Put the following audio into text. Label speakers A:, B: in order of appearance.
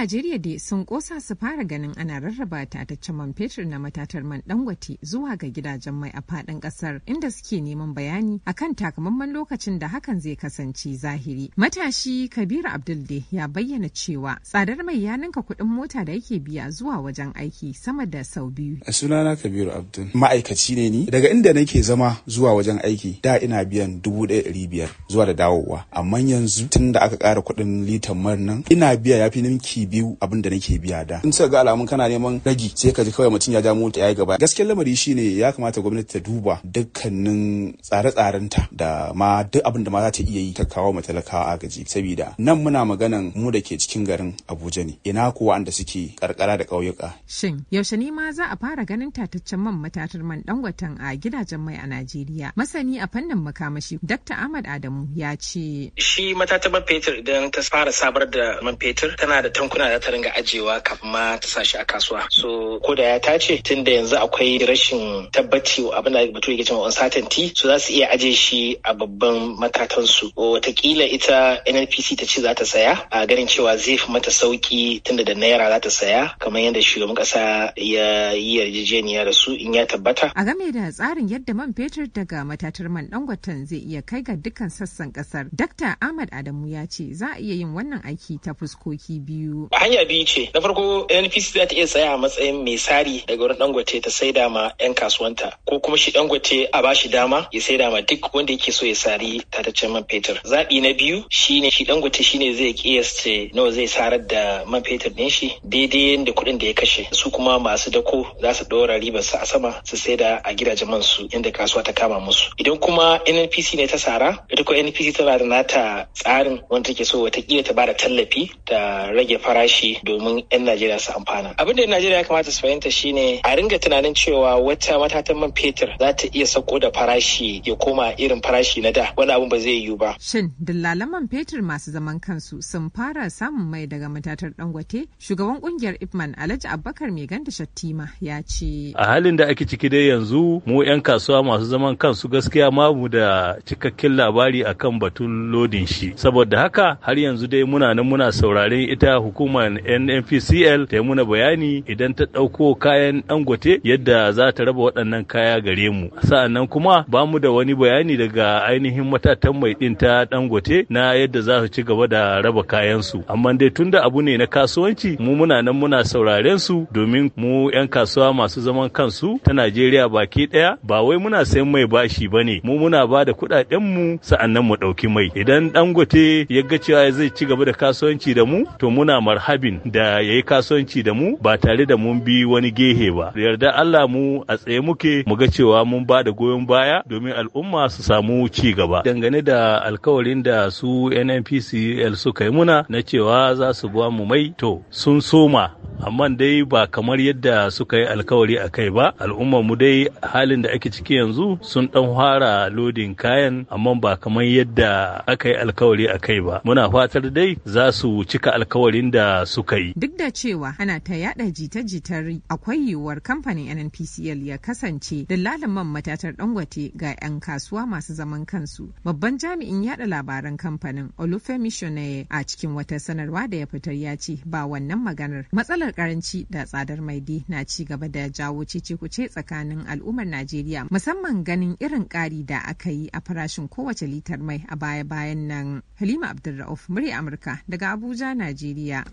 A: Najeriya dai sun kosa su fara ganin ana rarraba tataccen man fetur na matatar man dangwati zuwa ga gidajen mai a faɗin ƙasar inda suke neman bayani akan takamaiman lokacin da hakan zai kasance zahiri. Matashi Kabiru dai ya bayyana cewa tsadar mai ya ninka kuɗin mota da yake biya zuwa wajen aiki sama da sau biyu.
B: a Sunana Kabiru Abdul ma'aikaci ne ni daga inda nake zama zuwa wajen aiki da ina biyan dubu ɗaya ɗari biyar zuwa da dawowa amma yanzu tun da aka ƙara kuɗin litan man nan ina biya yafi fi ninki biyu abin da nake biya da in suka ga alamun kana neman ragi sai ka ji kawai mutum ya ja mota yayi gaba gaskiyar lamari shi ne ya kamata gwamnati ta duba dukkanin tsare-tsarenta da ma duk abin da ma za ta iya yi ta kawo ma talakawa agaji saboda nan muna maganan mu da ke cikin garin Abuja ne ina kuwa anda suke karkara da kauyuka
A: shin yaushe ne ma za a fara ganin tataccen man matatar man dangwatan a gidajen mai a Najeriya masani a fannin makamashi Dr. Ahmad Adamu ya ce
C: shi man fetur idan ta fara sabar da man fetur tana da tankuna tana da ta ringa ajiyewa kafin ma ta sa shi a kasuwa so ko da ya tace tun da yanzu akwai rashin tabbaci abin da bature yake cewa uncertainty so za su iya ajiye shi a babban matatan su watakila ita NNPC ta ce za ta saya a ganin cewa zai fi mata sauki tun da naira za ta saya kamar yadda shugaban kasa ya yi yarjejeniya da su in
A: ya tabbata a game da tsarin yadda man fetur daga matatar man dangwatan zai iya kai ga dukkan sassan kasar Dr. Ahmad Adamu ya ce za a iya yin wannan aiki ta fuskoki biyu
C: a hanya biyu ce na farko npc za ta iya tsaya a matsayin mai tsari daga wurin Dangote ta saida ma 'yan kasuwanta ko kuma shi Dangote a bashi dama ya saida ma duk wanda yake so ya sari tataccen man fetur zaɓi na biyu shine shi Dangote shine zai kiyasce nawa zai sarar da man fetur ne shi daidai yadda kuɗin da ya kashe su kuma masu dako za su ɗora ribar su a sama su saida a gidajen man su yadda kasuwa ta kama musu idan kuma NNPC ne ta sara ita ko NNPC tana da nata tsarin wanda take so wata ta ba da tallafi ta rage fara farashi domin 'yan Najeriya su amfana. Abin da 'yan Najeriya ya kamata su fahimta shine a ringa tunanin cewa wata matatan man fetur za ta iya sauko da farashi ya koma irin farashi na da wani abin ba zai
A: yiwu ba. Shin dillalan man fetur masu zaman kansu sun fara samun mai daga matatar Dangote? Shugaban kungiyar Ipman Alhaji Abubakar Mai Ganda Shattima ya ce. A
D: halin da ake ciki dai yanzu mu 'yan kasuwa masu zaman kansu gaskiya ma mu da cikakken labari akan batun lodin shi. Saboda haka har yanzu dai muna nan muna sauraren ita hukumar hukumar nnpcl ta yi muna bayani idan ta ɗauko kayan dangote yadda za ta raba waɗannan kaya gare mu sa'annan kuma ba mu da wani bayani daga ainihin matatan mai ɗin ta dangote na yadda za su ci gaba da raba kayansu amma dai tunda abu ne na kasuwanci mu muna nan muna sauraren su domin mu 'yan kasuwa masu zaman kansu ta najeriya baki ɗaya ba wai muna sayan mai bashi ba ne mu muna ba da kuɗaɗen mu sa'annan mu ɗauki mai idan dangote ya ga cewa zai ci gaba da kasuwanci da mu to muna marhabin da ya yi kasuwanci da mu ba tare da mun bi wani gehe ba yarda Allah mu a tsaye muke mu ga cewa mun ba da goyon baya domin al'umma su samu ci gaba dangane da alkawarin da su NNPCL suka yi muna na cewa za su ba mu mai to sun soma amma dai ba kamar yadda suka yi alkawari a kai ba al'ummar mu dai halin da ake ciki yanzu sun dan fara lodin kayan amma ba kamar yadda aka yi alkawari a kai ba muna fatar dai za su cika alkawarin da suka yi
A: duk da cewa ana ta yada jita-jitar akwai yiwuwar kamfanin nnpcl ya kasance da man matatar dangote ga 'yan kasuwa masu zaman kansu babban jami'in yada labaran kamfanin olufemi a cikin wata sanarwa da ya fitar ya ce ba wannan maganar matsalar matsalar karanci da tsadar maidi na ci gaba da jawo cece-kuce tsakanin al'ummar Najeriya musamman ganin irin ƙari da aka yi a farashin kowace litar mai a baya-bayan nan. Halima Abdulra'uf, murya Amurka daga Abuja, Najeriya.